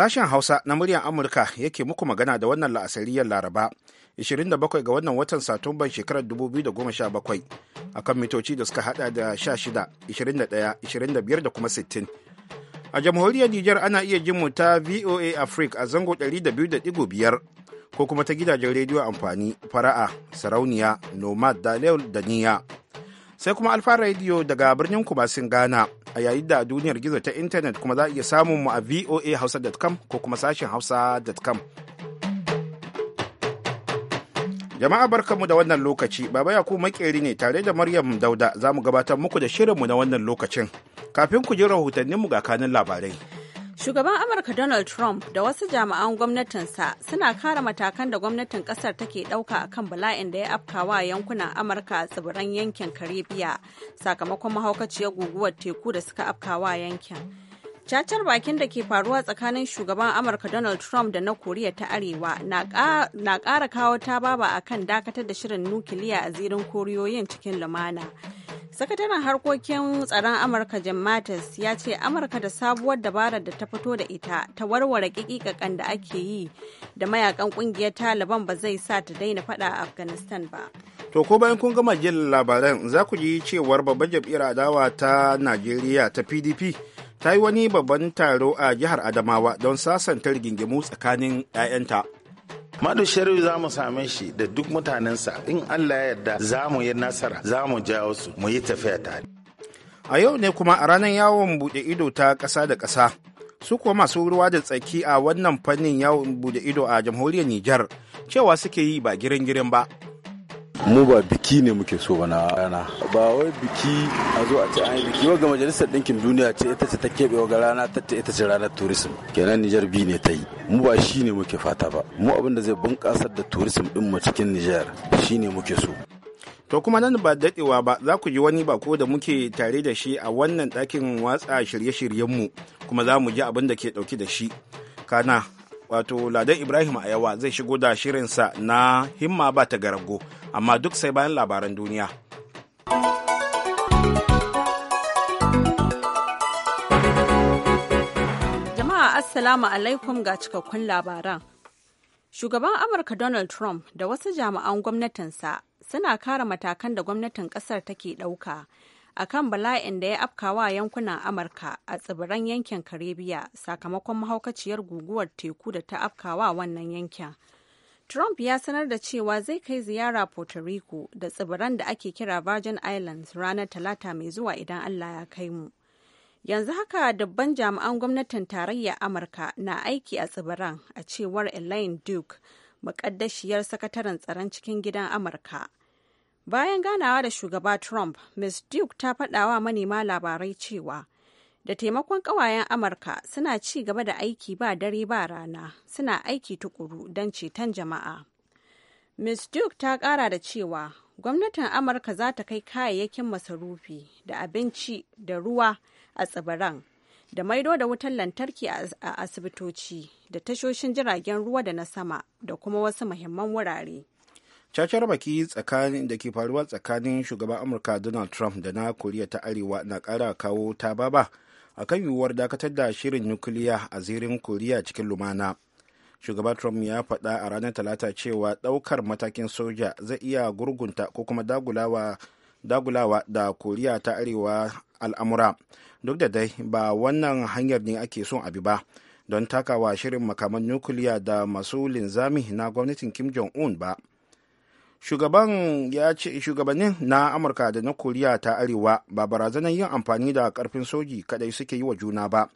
Sashen Hausa na muryar Amurka yake muku magana da wannan la'asariyar Laraba 27 ga wannan watan Satumban shekarar 2017 akan mitoci da suka hada da 16, 21, 25 da kuma 60. A jamhuriyar Nijar ana iya jin mu ta VOA Africa a zango 200.5 ko kuma ta gidajen rediyo amfani fara'a, sarauniya, nomad da da niya. Sai kuma Alfa Radio daga birnin Kumasin Ghana. a yayin da duniyar gizo ta intanet kuma za a iya samun mu a voahausa.com ko kuma sashen hausa.com. Jama'a barkanmu da wannan lokaci, Baba Yakubu makeri ne tare da Maryam Dauda za mu gabatar muku da shirinmu na wannan lokacin. Kafin ku ji rahotanninmu ga kanin labarai. Shugaban Amurka Donald Trump da wasu jami'an gwamnatinsa suna kare matakan da gwamnatin kasar take ɗauka a kan bala'in da ya afkawa yankunan Amurka tsibiran yankin Karibiya sakamakon mahaukaciyar guguwar teku da suka afkawa yankin. cacar bakin da ke faruwa tsakanin shugaban amurka donald trump da na koriya ta arewa na kara kawo ta tababa a kan dakatar da shirin nukiliya a zirin koriyoyin cikin lumana sakataren harkokin tsaron amurka jim mattis ya ce amurka da sabuwar dabarar da ta fito da ita ta warware kikikakan da ake yi da mayakan kungiyar taliban ba zai sa ta daina fada a afghanistan ba to ko bayan kun gama jin labaran za ku ji cewar babban jam'iyyar adawa ta najeriya ta pdp ta yi wani babban taro a jihar Adamawa don sasanta rigingimu tsakanin 'ya'yanta. Madu Sharif za mu same shi da duk mutanensa in Allah ya yarda za mu yi nasara za mu jawo su mu yi tafiya tare. A yau ne kuma a ranar yawon buɗe ido ta ƙasa da ƙasa. Su kuwa masu ruwa da tsaki a wannan fannin yawon buɗe ido a jamhuriyar Nijar cewa suke yi ba girin-girin ba. mu ba biki ne muke so ba na rana ba wai biki a zo a ce an yi biki ga majalisar ɗinkin duniya ce ita ce ta keɓe ga rana ta ce ita ce ranar tourism kenan Nijar bi ne ta yi mu ba shi ne muke fata ba mu abin da zai bunƙasar da tourism ɗin mu cikin Nijar shi ne muke so. To kuma nan ba daɗewa ba za ku ji wani bako da muke tare da shi a wannan ɗakin watsa shirye-shiryenmu kuma za mu ji abin da ke ɗauki da shi. Kana wato Ladan Ibrahim Ayawa zai shigo da shirinsa na himma ba ta garago, amma duk sai bayan labaran duniya. Jama'a Assalamu alaikum ga cikakkun labaran. Shugaban Amurka Donald Trump da wasu jami'an gwamnatinsa suna kare matakan da gwamnatin kasar take ɗauka akan bala'in da ya afkawa yankunan amurka a tsibiran yankin karibiya sakamakon mahaukaciyar guguwar teku da ta afkawa wannan yankin trump ya sanar da cewa zai kai ziyara puerto rico da tsibiran da ake kira virgin islands ranar talata mai zuwa idan allah ya kai mu yanzu haka dabban jami'an gwamnatin tarayyar amurka na aiki a tsibiran a cewar elaine duke maƙaddashiyar sakataren tsaron cikin gidan amurka Bayan ganawa da shugaba Trump, Ms. Duke ta faɗawa manema labarai cewa da taimakon ƙawayen Amurka suna ci gaba da aiki ba dare ba rana, suna aiki tukuru don ceton jama'a. Ms. Duke ta ƙara da cewa gwamnatin Amurka za ta kai kayayyakin masarufi da abinci da ruwa a tsibiran da maido da wutar lantarki a asibitoci da tashoshin jiragen ruwa da na sama da kuma wasu muhimman wurare. cacar baki tsakanin da ke faruwa tsakanin shugaban amurka donald trump da na koriya ta arewa na kara kawo ta baba a kan yiwuwar dakatar da shirin nukiliya a zirin koriya cikin lumana shugaban trump ya faɗa a ranar talata cewa ɗaukar matakin soja zai iya gurgunta ko kuma dagulawa dagulawa da koriya ta arewa al'amura duk da dai ba wannan hanyar ne ake son abi ba don takawa shirin makaman nukiliya da masu linzami na gwamnatin kim jong-un ba shugaban ya ce shugabannin na amurka da na koriya ta arewa ba barazanar yin amfani da karfin soji kadai suke yi wa juna ba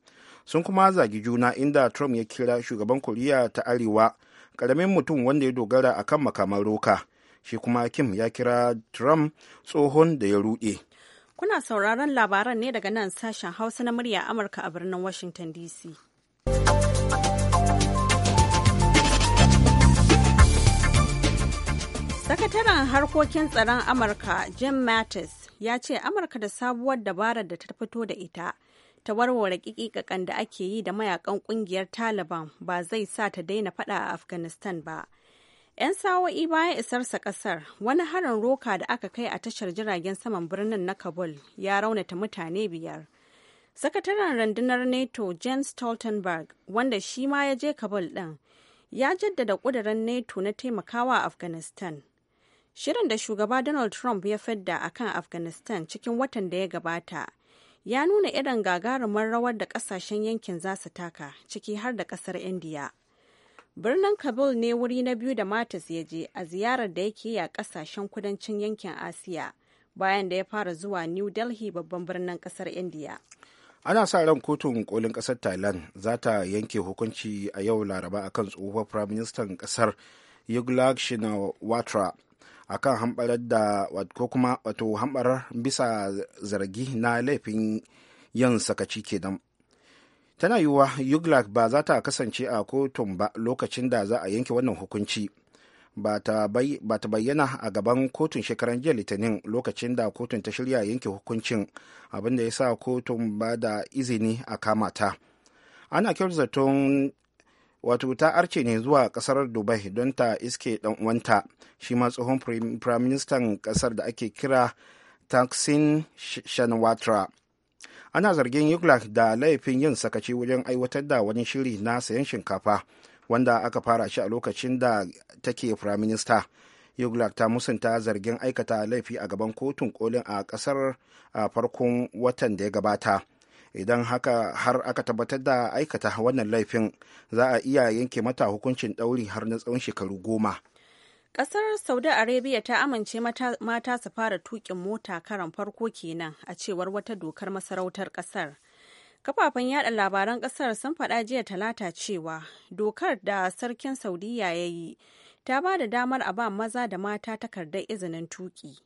sun kuma zagi juna inda trump ya kira shugaban koriya ta arewa karamin mutum wanda ya dogara akan makaman roka shi kuma kim ya kira trump tsohon da ya ruɗe kuna sauraron labaran ne daga nan sashen hausa na murya amurka a birnin washington dc Sakataren harkokin tsaron Amurka Jim Mattis ya ce Amurka da sabuwar dabarar da ta fito da ita ta warware kikikakan da ake yi da mayakan kungiyar Taliban ba zai sa ta daina fada a Afghanistan ba. 'Yan sawo'i bayan isarsa kasar wani harin roka da aka kai a tashar jiragen saman birnin na Kabul ya raunata mutane biyar. Sakataren rundunar NATO james Stoltenberg wanda shi ma ya je Kabul ɗin ya jaddada ƙudurin NATO na taimakawa Afghanistan Shirin da shugaba Donald Trump ya fadda a kan Afghanistan cikin watan da ya gabata ya nuna irin gagarumar rawar da kasashen yankin za su taka ciki har da kasar India. Birnin Kabul ne wuri na biyu da matas ya je a ziyarar da yake yi a kasashen kudancin yankin Asiya bayan da ya fara zuwa New Delhi babban birnin kasar India. ana sa ran kotun kolin kasar thailand za ta yanke hukunci a yau laraba akan tsohuwar firaministan kasar yuglak shinawatra akan hambarar da ko kuma wato hambarar bisa zargi na laifin yin sakaci kenan tana yiwuwa yuglak ba za ta kasance a kotun ba lokacin da za a yanke wannan hukunci ba ta bayyana a gaban kotun shekaran jiya litinin lokacin da kotun ta shirya yanke hukuncin abinda ya sa kotun ba da izini a kamata ana kyautar zaton wato ta arce ne zuwa kasar dubai don ta iske dan uwanta shi ma tsohon firaministan minister kasar da ake kira taksin shanwatra ana zargin yuglak da laifin yin sakaci wajen aiwatar da wani shiri na sayan shinkafa wanda aka fara shi a lokacin da take firaminista minister yuglak ta musanta zargin aikata laifi a gaban kotun kolin a kasar a farkon watan da ya gabata idan haka har aka tabbatar da aikata wannan laifin za a iya yanke mata hukuncin ɗauri har na tsawon shekaru goma Ƙasar Saudi Arabia ta amince mata su fara tuƙin mota karan farko kenan a cewar wata dokar masarautar ƙasar. Kafafen yada labaran ƙasar sun faɗa jiya talata cewa dokar da sarkin Saudiya ya yi ta ba da damar a ba maza da mata takardar izinin tuƙi.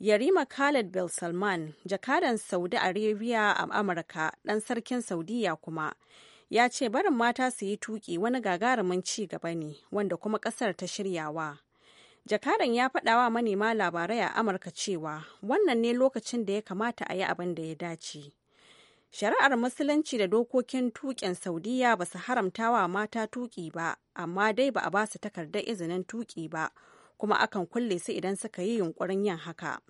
Yarima Khaled Bel Salman, jakadan Saudi Arabia a Amurka, ɗan sarkin Saudiya kuma, ya ce barin mata su yi tuƙi wani gagarumin ci gaba ne wanda kuma ƙasar ta shiryawa. Jakadan ya faɗawa manema labarai a Amurka cewa wannan ne lokacin da ya kamata a yi abin da ya dace. Shari'ar Musulunci da dokokin tuƙin Saudiya ba su haramta wa mata tuƙi ba, amma dai ba a ba su takardar izinin tuƙi ba. kuma akan kulle su idan suka yi yunkurin yin haka.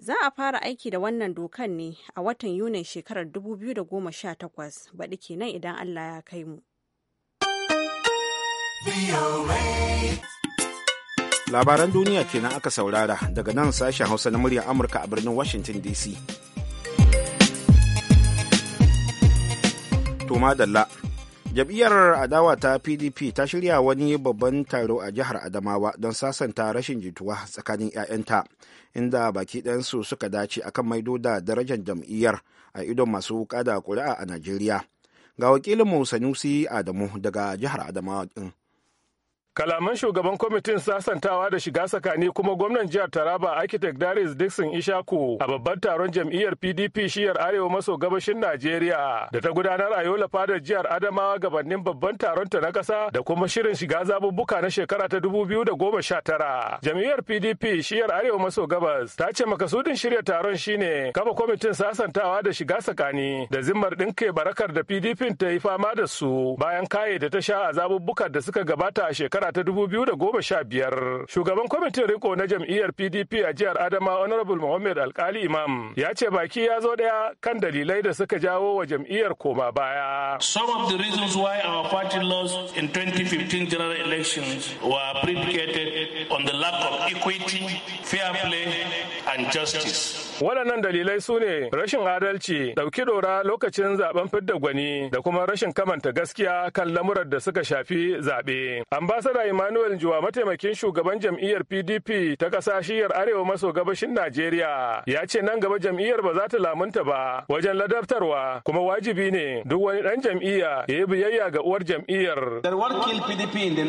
Za a fara aiki da wannan dokan ne a watan Yunin shekarar 2018 baɗi kenan idan Allah ya kai mu. Labaran duniya kenan aka saurara daga nan sashen Hausa na murya Amurka a birnin Washington DC. To dalla. jam'iyyar adawa ta pdp ta shirya wani babban taro a jihar adamawa don sasanta rashin jituwa tsakanin 'ya'yanta inda baki ɗansu suka dace akan maido da darajar jam'iyyar a idon masu kada kuri'a a najeriya ga wakilin mu sanusi adamu daga jihar adamawa din kalaman shugaban kwamitin sasantawa da shiga tsakani kuma gwamnan jihar taraba architect darius dixon ishaku a babban taron jam'iyyar pdp shiyar arewa maso gabashin najeriya da ta gudanar a yola fadar jihar adamawa gabanin babban taron ta na kasa da kuma shirin shiga zabubbuka na shekara ta dubu biyu da goma sha tara. jam'iyyar pdp shiyar arewa maso gabas ta ce makasudin shirya taron shine kafa kwamitin sasantawa da shiga tsakani da zimmar ke barakar da pdp ta yi fama da su bayan kaye da ta sha a zabubbukan da suka gabata a shekara shekara ta da goma sha biyar. shugaban kwamitin riko na jam'iyyar pdp a jihar adama honorable muhammad alkali imam ya ce baki ya zo daya kan dalilai da suka jawo wa jam'iyyar koma baya some of the reasons why our party lost in 2015 general elections were predicated on the lack of equity fair play and justice Waɗannan dalilai su ne rashin adalci, ɗauki dora lokacin zaben fidda gwani da kuma rashin kamanta gaskiya kan lamurar da suka shafi zaɓe. Ambasada Emmanuel Juwa mataimakin shugaban jam'iyyar PDP ta ƙasa shiyar Arewa maso gabashin Najeriya ya ce nan gaba jam'iyyar ba za ta lamunta ba wajen ladabtarwa kuma wajibi ne duk wani ɗan jam'iyya ya yi biyayya ga uwar jam'iyyar. PDP in the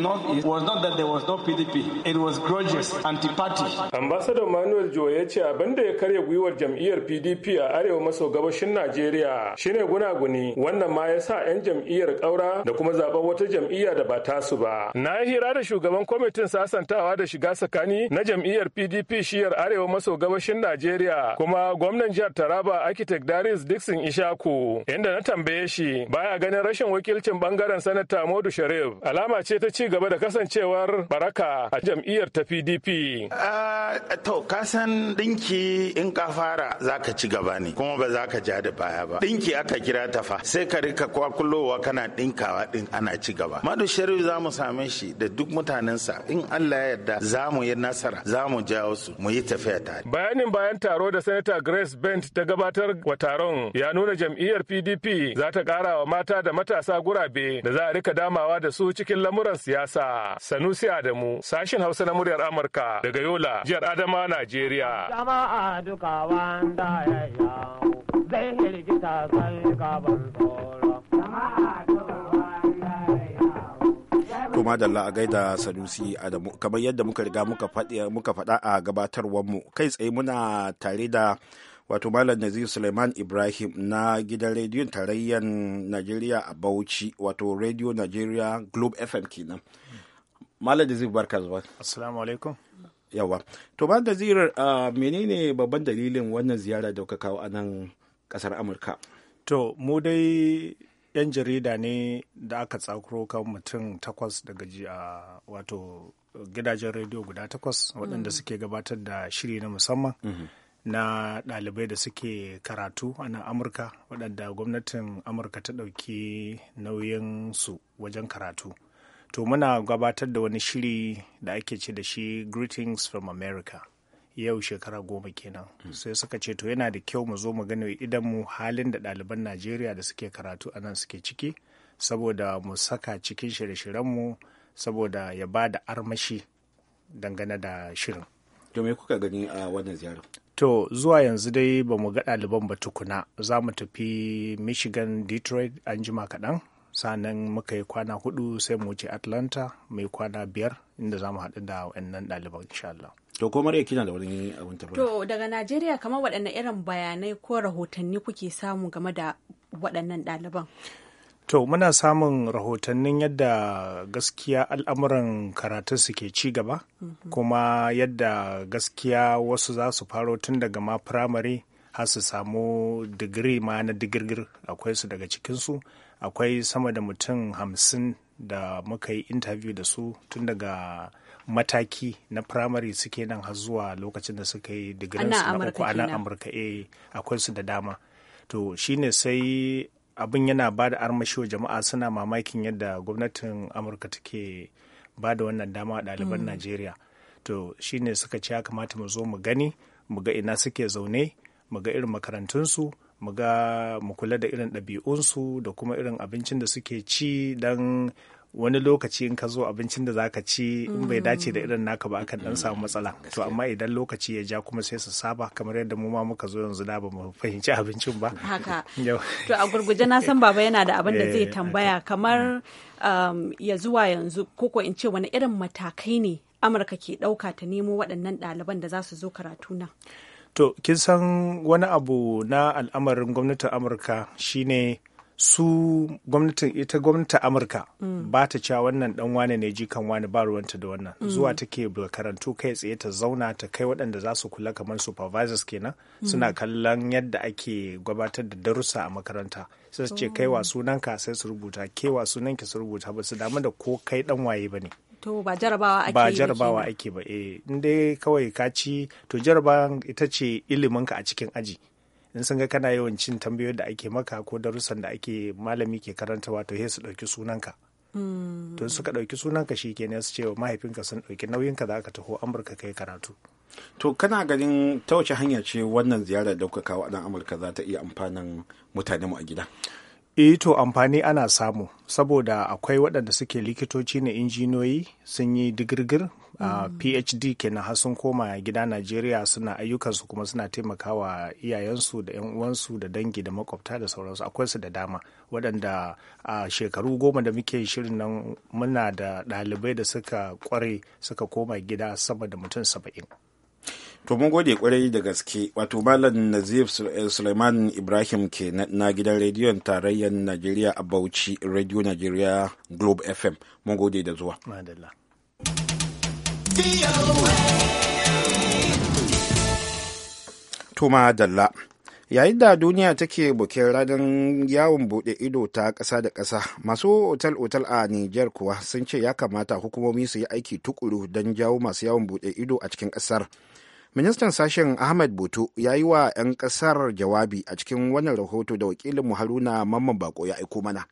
Ambassador Manuel Joe ya ce abin da ya karya gwiwar jam'iyyar PDP a arewa maso gabashin Najeriya shine gunaguni wannan ma ya sa 'yan jam'iyyar ƙaura da kuma zaben wata jam'iyya da ba tasu ba. Na yi hira da shugaban kwamitin sasantawa da shiga tsakani na jam'iyyar PDP shiyar arewa maso gabashin Najeriya kuma gwamnan jihar Taraba architect Darius Dixon Ishaku inda na tambaye shi baya ganin rashin wakilcin bangaren sanata Modu Sharif alama ce ta ci gaba da kasancewar baraka a jam'iyyar ta PDP. Ah, to kasan dinki in ka fara za ka ci gaba ne kuma ba za ka ja da baya ba ɗinki aka kira ta fa sai ka rika kwakulowa kana ɗinkawa din ana ci gaba madu sharif za mu same shi da duk mutanensa in Allah ya yarda za mu yi nasara za mu jawo su mu yi tafiya tare bayanin bayan taro da sanata Grace Bent ta gabatar wa taron ya nuna jam'iyyar PDP za ta kara wa mata da matasa gurabe da za a rika damawa da su cikin lamuran siyasa Sanusi Adamu sashin Hausa na muryar Amurka daga Yola jihar Adama Najeriya jama'a duka da la ya yawo zai To madalla a gaida Sanusi Adamu kamar yadda muka riga muka faɗa a gabatarwar mu kai tsaye muna tare da wato malam nazir suleiman ibrahim na gidan rediyon tarayyan najeriya a bauchi wato radio nigeria globe fm kenan malam nazir barka zuwa assalamu alaikum yawa to ba da zirar ah, menene babban dalilin wannan ziyara da kuka kawo a nan kasar amurka to mu dai yan jarida ne da aka tsakuro kan mutum takwas daga a ah, wato gidajen rediyo guda takwas mm. waɗanda suke gabatar da shiri na musamman mm-hmm. na ɗalibai da suke karatu a nan amurka waɗanda gwamnatin amurka ta ɗauki nauyin su wajen karatu to muna gabatar da wani shiri da ake ce da shi greetings from america yau shekara goma kenan hmm. sai suka ce to yana da kyau mu zo mu idan mu halin da ɗaliban najeriya da suke karatu a nan suke ciki saboda mu saka cikin shirye-shiryenmu saboda ya ba da armashi dangane da shirin to me kuka gani a wannan ziyarar to zuwa yanzu dai ba mu ga ɗaliban ba tukuna za mu tafi michigan detroit an jima kaɗan sanan muka yi kwana hudu sai mu wuce atlanta mai kwana biyar inda za mu haɗu da wannan ɗaliban insha Allah. To ko Maria kina da wani abin tabbata? To daga Najeriya kamar waɗanne irin bayanai ko rahotanni kuke samu game da waɗannan ɗaliban? To muna samun rahotannin yadda gaskiya al'amuran karatunsu ke ci gaba, mhm. kuma yadda gaskiya wasu za su faro tun daga ma firamare har su samu digiri ma na digirgir akwai su daga cikinsu. akwai sama da mutum hamsin da muka yi interview da su tun daga mataki na primary suke nan har zuwa lokacin da suka yi su na uku ana amurka a eh, akwai su da dama to shine sai abin yana ba da armashi wa jama'a suna mamakin yadda gwamnatin amurka take ba da wannan dama a ɗaliban mm. najeriya to shine suka ce ya kamata mu zo mu gani mu ga ina suke zaune mu ga irin makarantunsu mu ga mu kula da irin ɗabi'unsu da kuma irin abincin da suke ci don wani lokaci in ka zo abincin da zaka ci in bai dace da irin naka ba akan dan samu matsala to amma idan lokaci ya ja kuma sai su saba kamar yadda mu ma muka zo yanzu da ba mu fahimci abincin ba haka to a gurguje na san baba yana da abin da zai eh, tambaya kamar um, ya zuwa yanzu koko in ce wani irin matakai ne amurka ke ɗauka ta nemo waɗannan ɗaliban da za su zo karatu nan to kin san wani abu na al'amarin gwamnatin amurka shine su gwamnatin ita gwamnatin amurka mm. ba ta cewa wannan dan wane ne kan wani ba ruwanta da wannan zuwa mm. zuwa take karantu kai tsaye ta zauna ta kai waɗanda za su kula kamar supervisors kenan mm. suna kallon yadda ake gabatar da darussa a makaranta sai su ce kaiwa oh. sunanka sai su rubuta kewa sunanki su rubuta ba su damu da ko kai dan waye ba ne to ba jarabawa ake ba jarabawa ake ba eh in dai kawai ka ci to jarabawan ita ce ilimin a cikin aji in sun ga kana yawan cin tambayoyin da ake maka ko darussan da ake malami ke karantawa to sai su ɗauki sunanka hmm. to suka ɗauki sunanka shi kenan su ce wa mahaifinka sun ɗauki nauyinka za ka taho amurka kai karatu to kana ganin ta wace hanya ce wannan ziyarar kawo wa dan amurka za ta iya amfanin mutanenmu a gida eh to amfani ana samu saboda akwai waɗanda suke likitoci na injiniyoyi sun yi digirgir a mm. phd kenan har sun koma gida najeriya suna ayyukansu kuma suna taimakawa iyayensu da yan uwansu da dangi da makwabta da sauransu akwai su da dama waɗanda a shekaru goma da muke shirin nan muna da ɗalibai da suka kware suka koma gida sama da mutum saba'in to mun gode kwarai da gaske wato malam nazif eh, suleiman ibrahim ke na gidan rediyon tarayyar najeriya a bauchi radio najeriya globe fm mun gode da zuwa tuma dalla yayin da duniya take bukin ranar yawon bude ido ta ƙasa da ƙasa masu otal-otal a niger kuwa sun ce ya kamata hukumomi su yi aiki tukuru don jawo masu yawon bude ido a cikin ƙasar ministan sashen ahmed boto ya yi wa 'yan kasar jawabi a cikin wannan rahoto da wakilinmu haruna mamman bako ya aiko mana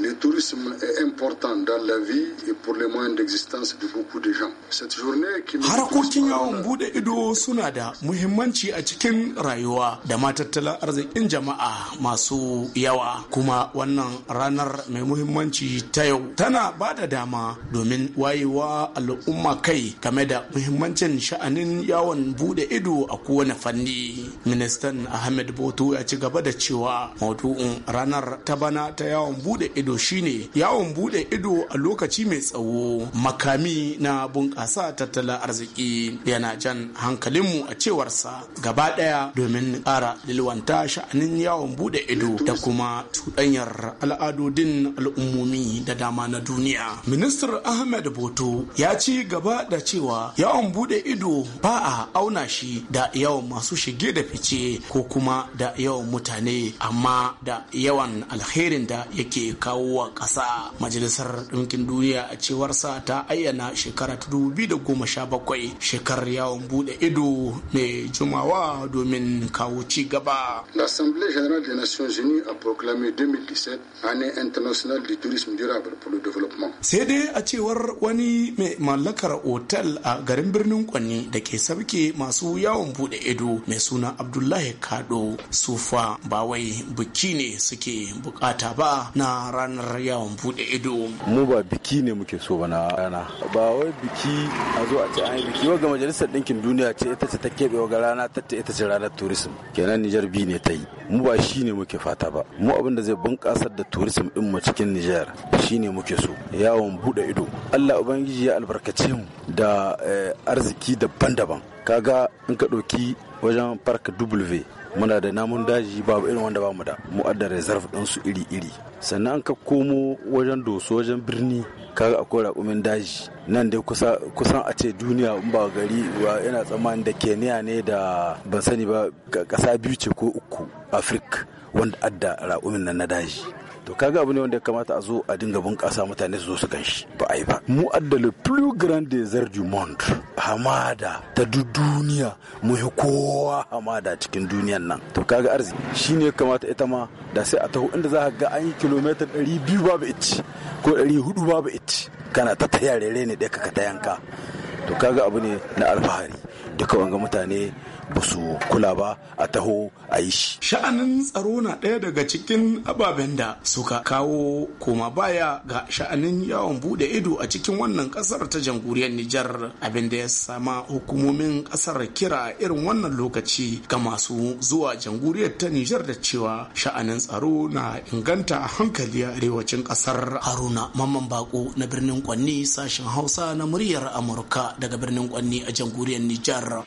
Le tourisme est important dans la vie et pour les moyens d'existence de beaucoup de gens. Cette journée qui Harkokin yawon bude ido suna da muhimmanci a cikin rayuwa da ma tattalin arzikin jama'a masu yawa kuma wannan ranar mai muhimmanci ta yau tana ba da dama domin wayewa al'umma kai game da muhimmancin sha'anin yawon bude ido a kowane fanni. Ministan Ahmed Boto ya ci gaba da cewa maudu'in ranar ta bana ta yawon bude ido ido shine yawon bude ido a lokaci mai tsawo makami na bunƙasa tattalin arziki yana jan hankalinmu a cewarsa gaba ɗaya domin ƙara lilwanta sha'anin yawon bude ido da kuma cuɗanyar al'adodin al'ummomi da dama na duniya ministar ahmed boto ya ci gaba da cewa yawon bude ido ba a auna shi da yawan masu shige da fice ko kuma da yawan mutane amma da yawan alherin da yake kawo kawo wa ƙasa majalisar ɗinkin duniya a cewar sa ta ayyana shekara ta bakwai shekarar yawon buɗe ido mai jumawa domin kawo ci gaba l'assemblée générale des nations unies a proclamé 2017 année internationale du tourisme durable pour le développement sai dai a cewar wani mai mallakar otal a garin birnin kwanni da ke sabke masu yawon buɗe ido mai suna abdullahi kado sufa ba wai buki ne suke bukata ba na ranar yawon bude ido mu ba biki ne muke so ba na rana ba wai biki a zo a ce an biki wa ga majalisar ɗinkin duniya ce ita ce ta keɓe wa rana ta ce ita ce ranar tourism kenan Nijar bi ne ta yi mu ba shi ne muke fata ba mu abin da zai bunƙasar da tourism ɗin mu cikin Nijar shi ne muke so yawon bude ido Allah ubangiji ya albarkace mu da eh, arziki daban-daban kaga in ka ɗauki wajen park W muna da namun daji babu irin wanda bamu da mu adda reserve din su iri iri sannan an ka komo wajen doso wajen birni kaga akwai raƙumin daji nan dai kusan a ce duniya in ba gari wa yana tsammanin da keniya ne da ban sani ba kasa biyu ce ko uku afirka wanda adda raƙumin nan na daji to kaga abu ne wanda ya kamata a zo a dinga bunƙasa mutane su zo su gan shi ba a yi ba mu adda le plus grand desert du monde hamada ta duk duniya mu yi kowa hamada cikin duniyan nan to kaga arziki shi ya kamata ita ma da sai a taho inda za ga an yi kilomita biyu babu ici ko hudu babu ici kana ta tayarere ne da ka ta yanka to kaga abu ne na alfahari duka wanga mutane ba su kula ba a taho a yi shi. Sha'anin tsaro na ɗaya daga cikin ababen da suka kawo koma baya ga sha'anin yawon bude ido a cikin wannan ƙasar ta jamhuriyar Nijar abin da ya sama hukumomin ƙasar kira irin wannan lokaci ga masu zuwa jamhuriyar ta Nijar da cewa sha'anin tsaro na inganta hankali a arewacin ƙasar Haruna Mamman Bako na birnin Kwanni sashen Hausa na muryar Amurka daga birnin Kwanni a jamhuriyar Nijar.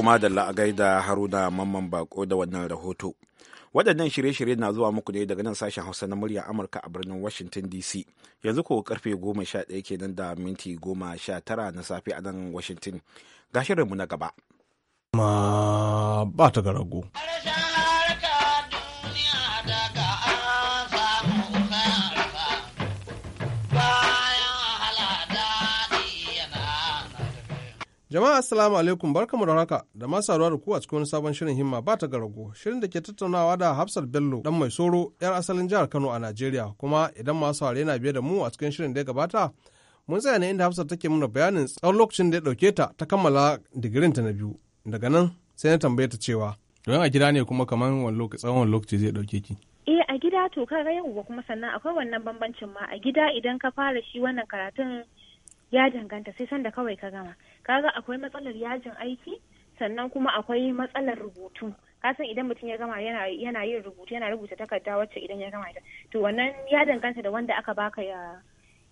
To da a gaida Haruna Mamman Bako da wannan rahoto. Waɗannan shirye-shirye na zuwa muku ne daga nan sashen Hausa na murya Amurka a birnin Washington DC. Yanzu ko karfe goma sha ɗaya kenan da minti goma sha tara na safe a nan Washington. Ga shirinmu na gaba. Ma ba ta garago. Jama'a assalamu alaikum barkamu da haka da masu saduwa da ku a cikin wani sabon shirin himma ba ta garago shirin da ke tattaunawa da Hafsat Bello dan mai soro yar asalin jihar Kano a Najeriya kuma idan masu saurare na biye da mu a cikin shirin da ya gabata mun tsaya ne inda Hafsat take mana bayanin tsawon lokacin da ya dauke ta ta kammala digirin ta na biyu daga nan sai na tambaye ta cewa don a gida ne kuma kamar wani lokaci tsawon lokaci zai dauke ki eh a gida to kaga yau kuma sannan akwai wannan bambancin ma a gida idan ka fara shi wannan karatun ya danganta sai sanda kawai ka gama kaga akwai matsalar yajin aiki sannan kuma akwai matsalar rubutu kasan idan mutum ya gama yana yin rubutu yana rubuta takarda wacce idan ya gama ita to wannan ya danganta da wanda aka baka ya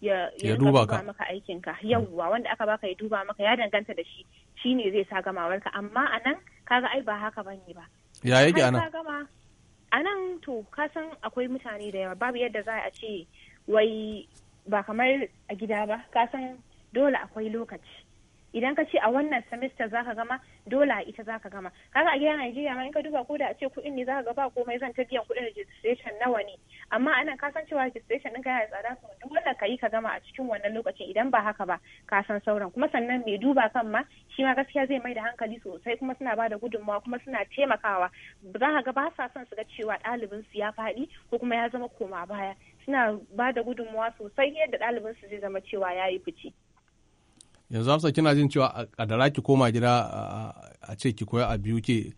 ya duba maka aikin ka yawwa wanda aka baka ya duba maka ya danganta da shi shine zai sa gamawar ka amma anan kaga ai ba haka bane ba ya yake anan anan to kasan akwai mutane da yawa babu yadda za a ce wai ba kamar a gida ba kasan dole akwai lokaci idan ka ce a wannan semester ka gama dole a ita za ka gama kaga a gida Najeriya ma in ka duba ko da a ce kuɗin ne za ga gaba komai zan ta biyan kuɗin registration nawa ne amma anan ka san cewa registration ɗin yana tsada to duk ka yi ka gama a cikin wannan lokacin idan ba haka ba ka san sauran kuma sannan mai duba kan ma shi ma gaskiya zai mai da hankali sosai kuma suna ba da gudunmawa kuma suna taimakawa za ka ga ba sa son su ga cewa ɗalibin su ya faɗi ko kuma ya zama koma baya suna ba da gudunmawa sosai yadda ɗalibin su zai zama cewa ya yi fice. yanzu hafsa kina jin cewa a dara ki koma gida a ce ki koya a biyu ke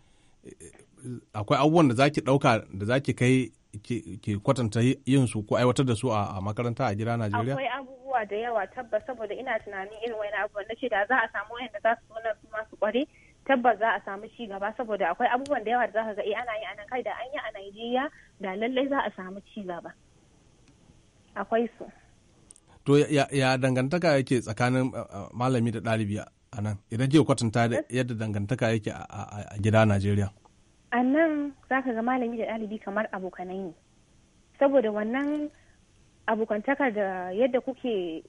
akwai abubuwan da za ki dauka da za ki kai ke kwatanta yin su ko aiwatar da su a makaranta a gida Najeriya? Akwai abubuwa da yawa tabbas saboda ina tunanin irin wani abubuwan na ce za a samu da za su zo su masu kware tabbas za a samu ci gaba saboda akwai abubuwan da yawa da za ka ga eh, ana yi a nan kai da an yi a Najeriya da lallai za a samu ci gaba. Akwai su. To ya dangantaka yake tsakanin uh, uh, malami da ɗalibi a nan idan ke kwatanta da yadda dangantaka yake a gida Najeriya. A nan za ka ga malami da ɗalibi kamar abokanai ne. Saboda wannan abokantakar da yadda kuke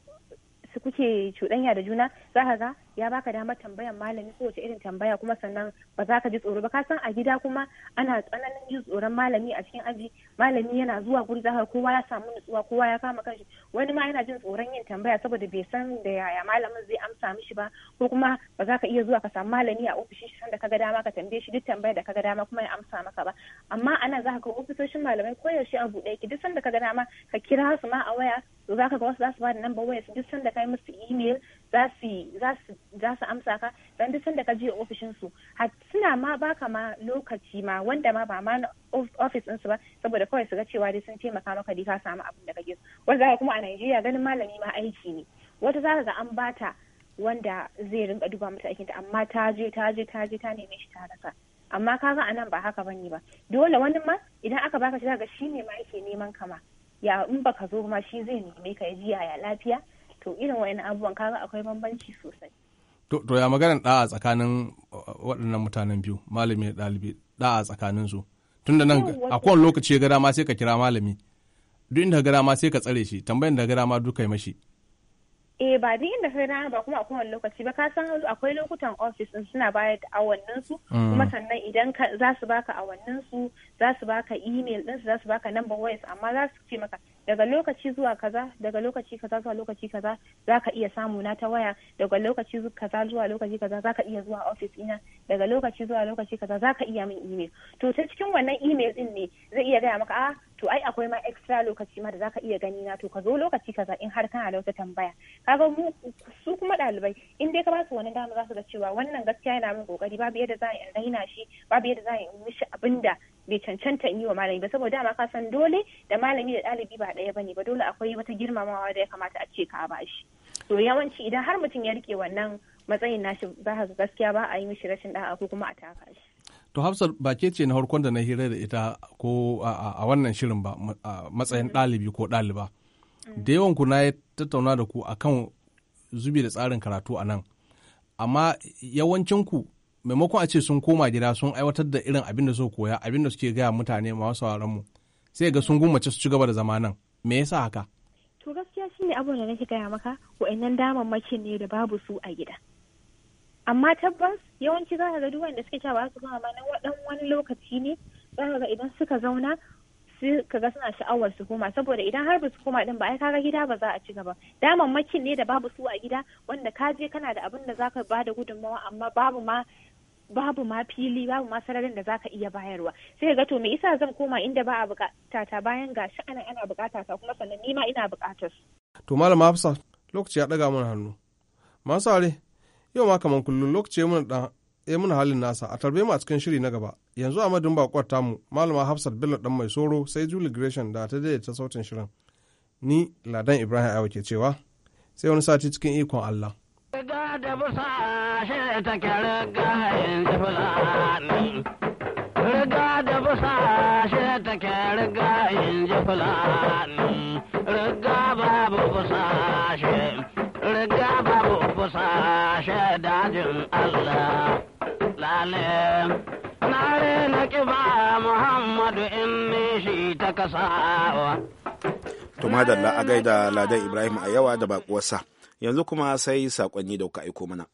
kuke cuɗanya da juna za ka ga ya baka damar tambayan malami kowace irin tambaya kuma sannan ba za ka ji tsoro ba ka san a gida kuma ana tsananin jin tsoron malami a cikin aji malami yana zuwa guri zahar kowa ya samu nutsuwa kowa ya kama kanshi wani ma yana jin tsoron yin tambaya saboda bai san da yaya malamin zai amsa mishi ba ko kuma ba za ka iya zuwa ka samu malami a ofishin shi sanda ga dama ka tambaye shi duk tambayar da ka ga dama kuma ya amsa maka ba amma ana za ka ga ofisoshin malamai koyaushe a buɗe ki duk sanda ga dama ka kira su ma a waya to za ka ga wasu za su ba da ba waya su duk sanda yi musu email za su amsa ka dan duk sanda ka je ofishin su suna ma baka ma lokaci ma wanda ma ba ma ofis ɗinsu ba saboda kawai su ga cewa dai sun taimaka maka dai ka samu abin da kake so wanda kuma a Najeriya ganin malami ma aiki ne wata za ga an bata wanda zai rinka duba mata ta amma ta je ta je ta je ta neme shi ta rasa amma kaga anan ba haka bane ba dole wani ma idan aka baka shi ga shi ne ma yake neman kama ya in baka zo ma shi zai neme ka ya ji yaya lafiya to irin wa'annan abubuwan kaga akwai bambanci sosai to ya maganar da'a tsakanin uh, waɗannan mutanen biyu malami da ɗalibi da'a tsakanin su tun da nan a kowane lokaci ga dama sai ka kira malami duk inda gara ma sai ka tsare shi tambayan da gara ma duk kai mashi eh ba duk inda kai dama ba kuma a kowane lokaci ba ka san akwai lokutan ofis din suna bayar da awannin su mm. kuma sannan idan za su baka awannin su za su baka email din su za su baka number wires amma za su ce maka daga lokaci zuwa kaza daga lokaci kaza zuwa lokaci kaza zaka iya samu na ta waya daga lokaci kaza zuwa lokaci kaza zaka iya zuwa ofis ina daga lokaci zuwa lokaci kaza za ka iya min email to ta cikin wannan email din ne zai iya gaya maka a ah, to ai akwai ma extra lokaci ma da za ka iya gani na to ka zo lokaci kaza in har kana da wata tambaya kaga mu su kuma ɗalibai in dai ka ba su wani dama za su ga cewa wannan gaskiya yana min kokari babu yadda za in raina shi babu yadda za in mishi abinda da bai cancanta in yi wa malami ba saboda dama ka san dole da malami da ɗalibi ba ɗaya ne ba dole akwai wata girmamawa da ya kamata a ce ka ba shi to yawanci idan har mutum ya rike wannan matsayin nashi za ka gaskiya ba a yi mishi rashin da'a ko kuma a taka shi. To Hafsat ba ke ce na harkon da na hira da ita ko a wannan shirin ba matsayin mm. ɗalibi ko ɗaliba. Mm. Da yawan ku na ya tattauna da ku akan zubi da tsarin karatu a nan. Amma yawancin ku maimakon a ce sun koma gida sun aiwatar da irin abin da suka koya abin da suke gaya mutane masu mu sai ga sun gumace su ci gaba da zama nan. Me yasa haka? shine abin da nake gaya maka wa'annan makin ne da babu su a gida amma tabbas yawanci za ka ga duwan da suke sha ba su ba na waɗan wani lokaci ne za ka ga idan suka zauna su ka ga suna sha'awar su koma saboda idan har ba su koma din ba ai kaga gida ba za a ci gaba damammakin ne da babu su a gida wanda ka je kana da abin da zaka ba da gudunmawa amma babu ma babu ma fili babu ma sararin da zaka iya bayarwa sai ga to me isa zan koma inda ba a bukata ta bayan ga shi ana ana bukata ta kuma sannan ni ma ina bukatar su to malama hafsa lokaci ya ɗaga mana hannu masu yau ma kamar kullum lokaci ya muna ɗan ya halin nasa a tarbe mu a cikin shiri na gaba yanzu a madin bakwar tamu malama hafsat bello dan mai soro sai julie gresham da ta daidaita sautin shirin ni ladan ibrahim aiwa ke cewa sai wani sati cikin ikon allah Riga da busa shi ta jifulani. Riga da busa shi ta jifulani. kusa shaidajin Allah lale na na kiba Muhammadu in shi ta kasawa. To madalla a gaida Ladan Ibrahim a yawa da bakuwarsa yanzu kuma sai saƙonni da kuka aiko mana.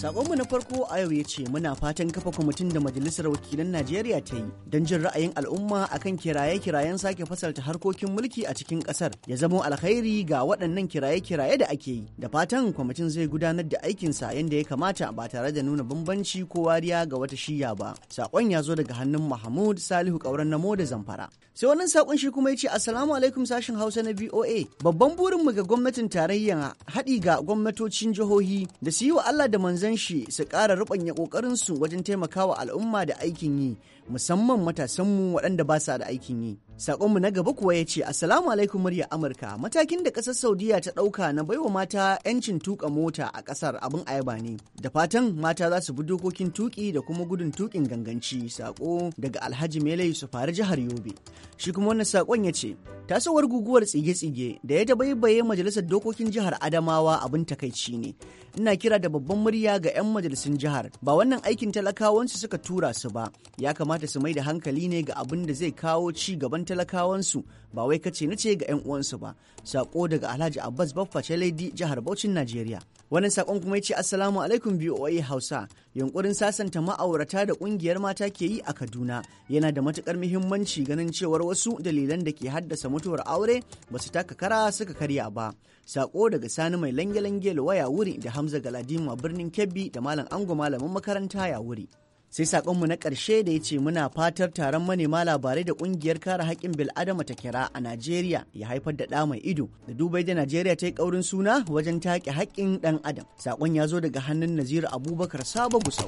Sakonmu na farko a yau ya ce muna fatan kafa kwamitin da Majalisar Wakilan Najeriya ta yi don jin ra'ayin al'umma akan kiraye-kirayen sake fasalta harkokin mulki a cikin ƙasar ya zamo alkhairi ga waɗannan kiraye-kiraye da ake yi. Da fatan kwamitin zai gudanar da aikinsa yadda ya kamata ba tare da nuna bambanci ko wariya ga wata shiya ba. Sakon ya zo daga hannun Mahmud Salihu Kauran na da Zamfara. Sai wannan sakon shi kuma ya ce Assalamu alaikum sashin Hausa na BOA. Babban burinmu ga gwamnatin tarayya haɗi ga gwamnatocin jihohi da su yi wa Allah da manzan wajen shi su ƙara ruɓanya ƙoƙarinsu wajen taimakawa al'umma da aikin yi musamman matasanmu waɗanda ba sa da aikin yi. Sakonmu na gaba kuwa ya ce, Assalamu alaikum murya Amurka, matakin da ƙasar Saudiya ta ɗauka na baiwa mata 'yancin tuƙa mota a ƙasar abin ayaba ne. Da fatan mata za su bi dokokin tuƙi da kuma gudun tuƙin ganganci, sako daga Alhaji Mele fari jihar Yobe. Shi kuma wannan sakon ya ce, tasowar guguwar tsige-tsige da ya tabaibaye majalisar dokokin jihar Adamawa abin takaici ne. Ina kira da babban murya ga 'yan majalisun jihar, ba wannan aikin talakawansu suka tura su ba, ya kamata su mai da hankali ne ga abin da zai kawo ci gaban talakawansu ba wai kace na ce ga 'yan uwansu ba sako daga alhaji abbas baffa laidi jihar Bauchin najeriya wani sakon kuma ya ce assalamu alaikum voa hausa yunkurin sasanta ma'aurata da kungiyar mata ke yi a kaduna yana da matukar muhimmanci ganin cewar wasu dalilan da ke haddasa mutuwar aure ba su taka kara suka karya ba sako daga sani mai lange-lange waya wuri da hamza galadima birnin kebbi da malam ango malamin makaranta ya wuri sai sakonmu na ƙarshe da ya ce muna fatar taron manema labarai da ƙungiyar kare haƙƙin bil'adama ta kira a najeriya ya haifar da ɗa mai ido da dubai da najeriya ta yi ƙaurin suna wajen take haƙƙin ɗan adam saƙon ya zo daga hannun naziru abubakar sabo gusau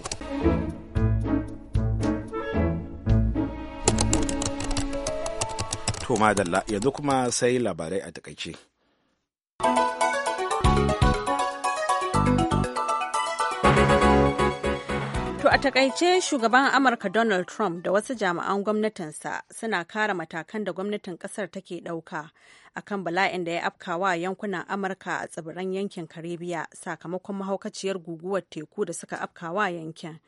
to madalla yanzu kuma sai labarai a takaice a takaice shugaban Amurka Donald Trump da wasu jami'an gwamnatinsa suna kara matakan da gwamnatin kasar take ɗauka akan bala'in da ya afkawa yankunan Amurka a tsibiran yankin Karibiya sakamakon mahaukaciyar guguwar teku da suka afkawa yankin.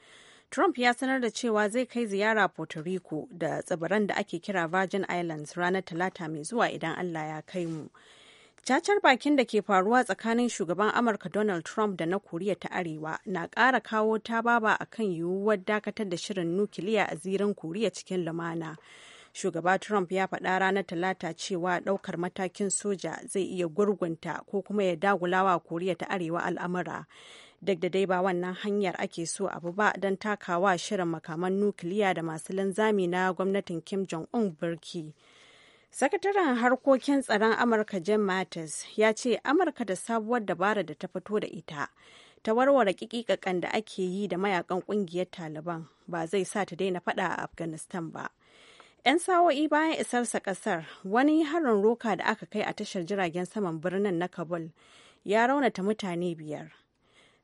Trump ya sanar da cewa zai kai ziyara Puerto Rico da tsibiran da ake kira Virgin Islands ranar Talata mai zuwa idan Allah ya kai mu. cacar bakin da ke faruwa tsakanin shugaban amurka donald trump da na koriya ta arewa na ƙara kawo tababa a kan yiwuwar dakatar da shirin nukiliya a zirin koriya cikin lumana shugaba trump ya faɗa ranar talata cewa ɗaukar matakin soja zai iya gurgunta ko kuma ya dagulawa koriya ta arewa al'amura duk da dai ba wannan hanyar ake so abu ba don takawa shirin makaman nukiliya da masu linzami na gwamnatin kim jong-un birki. Sakataren harkokin tsaron Amurka Jim Mattis ya ce Amurka da sabuwar dabara da ta fito da ita ta warware kikikakan da ake yi da mayakan kungiyar Taliban ba zai sa ta daina fada a Afghanistan ba. 'Yan sawo'i bayan isarsa kasar wani harin roka da aka kai a tashar jiragen saman birnin na Kabul ya raunata mutane biyar.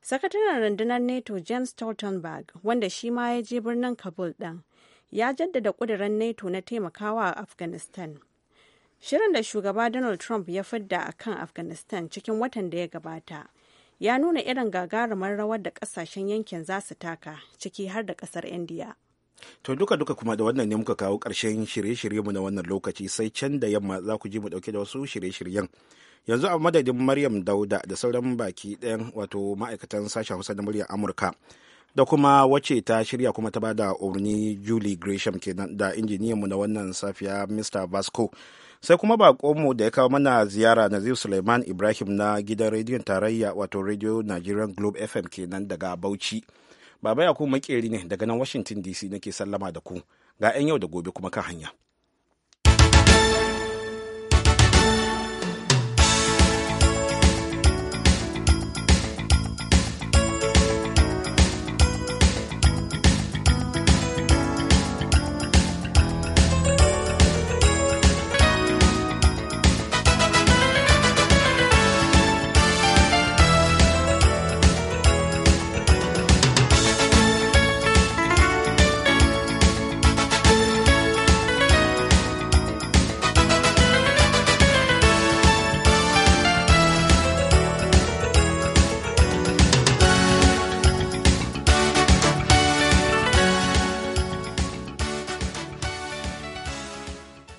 Sakataren rundunar NATO James Stoltenberg wanda shi ma ya je birnin Kabul ɗin ya jaddada ƙuduran NATO na taimakawa a Afghanistan Shirin da shugaba Donald Trump ya fidda a kan Afghanistan cikin watan da ya gabata ya nuna irin gagarumar rawar da kasashen yankin za su taka ciki har da kasar India. To duka duka kuma da wannan ne muka kawo karshen shirye mu na wannan lokaci sai can da yamma za ku ji mu dauke da wasu shirye-shiryen. Yanzu a madadin Maryam Dauda da sauran baki ɗayan wato ma'aikatan sashen Hausa da muryar Amurka. da kuma wacce ta shirya kuma ta bada umarni julie gresham kenan da injiniyan mu na wannan safiya mr vasco sai kuma mu da ya kawo mana ziyara naziru suleiman ibrahim na gidan rediyon tarayya wato radio nigerian globe fm kenan daga bauchi baba ya makeri ne daga nan washington dc nake sallama da ku ga 'yan yau da gobe kuma kan hanya.